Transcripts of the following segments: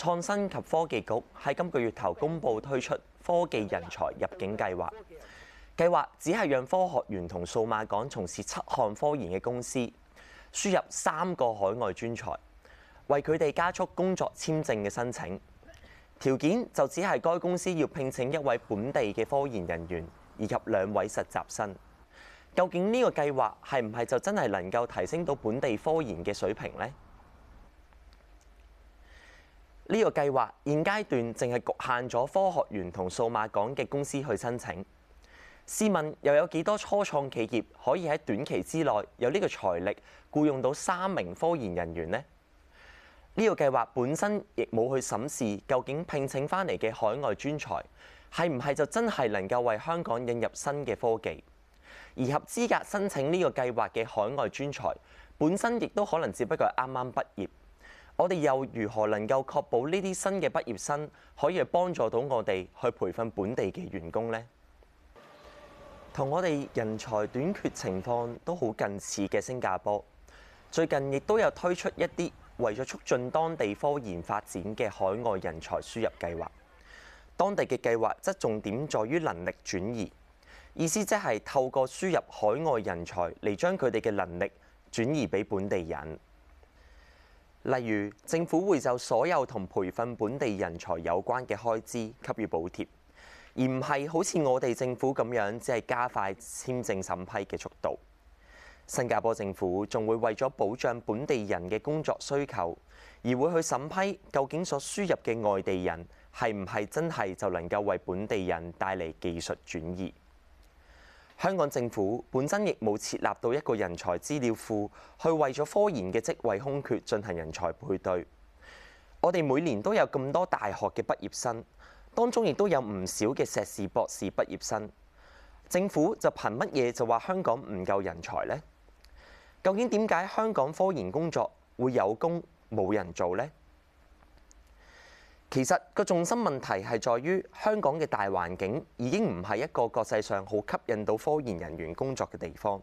創新及科技局喺今個月頭公布推出科技人才入境計劃，計劃只係讓科學園同數碼港從事七項科研嘅公司輸入三個海外專才，為佢哋加速工作簽證嘅申請。條件就只係該公司要聘請一位本地嘅科研人員以及兩位實習生。究竟呢個計劃係唔係就真係能夠提升到本地科研嘅水平呢？呢個計劃現階段淨係局限咗科學園同數碼港嘅公司去申請。試問又有幾多初創企業可以喺短期之內有呢個財力僱用到三名科研人員呢？呢個計劃本身亦冇去審視究竟聘請翻嚟嘅海外專才係唔係就真係能夠為香港引入新嘅科技？而合資格申請呢個計劃嘅海外專才本身亦都可能只不過係啱啱畢業。我哋又如何能夠確保呢啲新嘅畢業生可以幫助到我哋去培訓本地嘅員工呢？同我哋人才短缺情況都好近似嘅新加坡，最近亦都有推出一啲為咗促進當地科研發展嘅海外人才輸入計劃。當地嘅計劃則重點在於能力轉移，意思即係透過輸入海外人才嚟將佢哋嘅能力轉移俾本地人。例如，政府會就所有同培訓本地人才有關嘅開支給予補貼，而唔係好似我哋政府咁樣，只係加快簽證審批嘅速度。新加坡政府仲會為咗保障本地人嘅工作需求，而會去審批究竟所輸入嘅外地人係唔係真係就能夠為本地人帶嚟技術轉移。香港政府本身亦冇設立到一個人才資料庫，去為咗科研嘅職位空缺進行人才配對。我哋每年都有咁多大學嘅畢業生，當中亦都有唔少嘅碩士、博士畢業生。政府就憑乜嘢就話香港唔夠人才呢？究竟點解香港科研工作會有工冇人做呢？其實個重心問題係在於香港嘅大環境已經唔係一個國際上好吸引到科研人員工作嘅地方。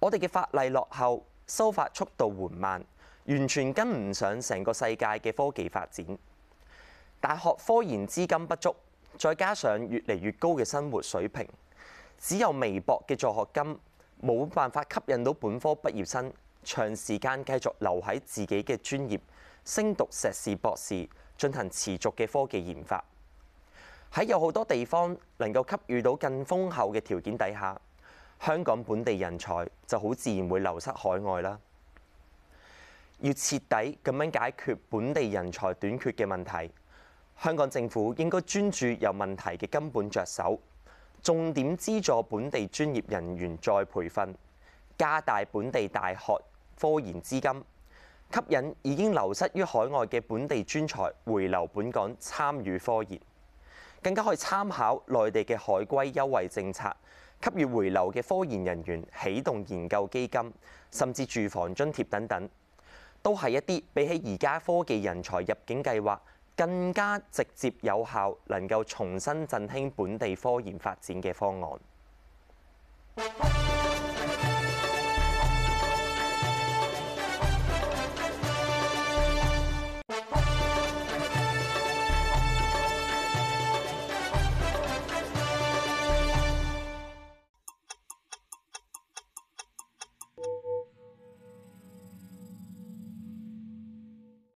我哋嘅法例落後，修法速度緩慢，完全跟唔上成個世界嘅科技發展。大學科研資金不足，再加上越嚟越高嘅生活水平，只有微薄嘅助學金，冇辦法吸引到本科畢業生長時間繼續留喺自己嘅專業升讀碩士博士。進行持續嘅科技研發，喺有好多地方能夠給予到更豐厚嘅條件底下，香港本地人才就好自然會流失海外啦。要徹底咁樣解決本地人才短缺嘅問題，香港政府應該專注由問題嘅根本着手，重點資助本地專業人員再培訓，加大本地大學科研資金。吸引已經流失於海外嘅本地專才回流本港參與科研，更加可以參考內地嘅海歸優惠政策，給予回流嘅科研人員啟動研究基金，甚至住房津貼等等，都係一啲比起而家科技人才入境計劃更加直接有效，能夠重新振興本地科研發展嘅方案。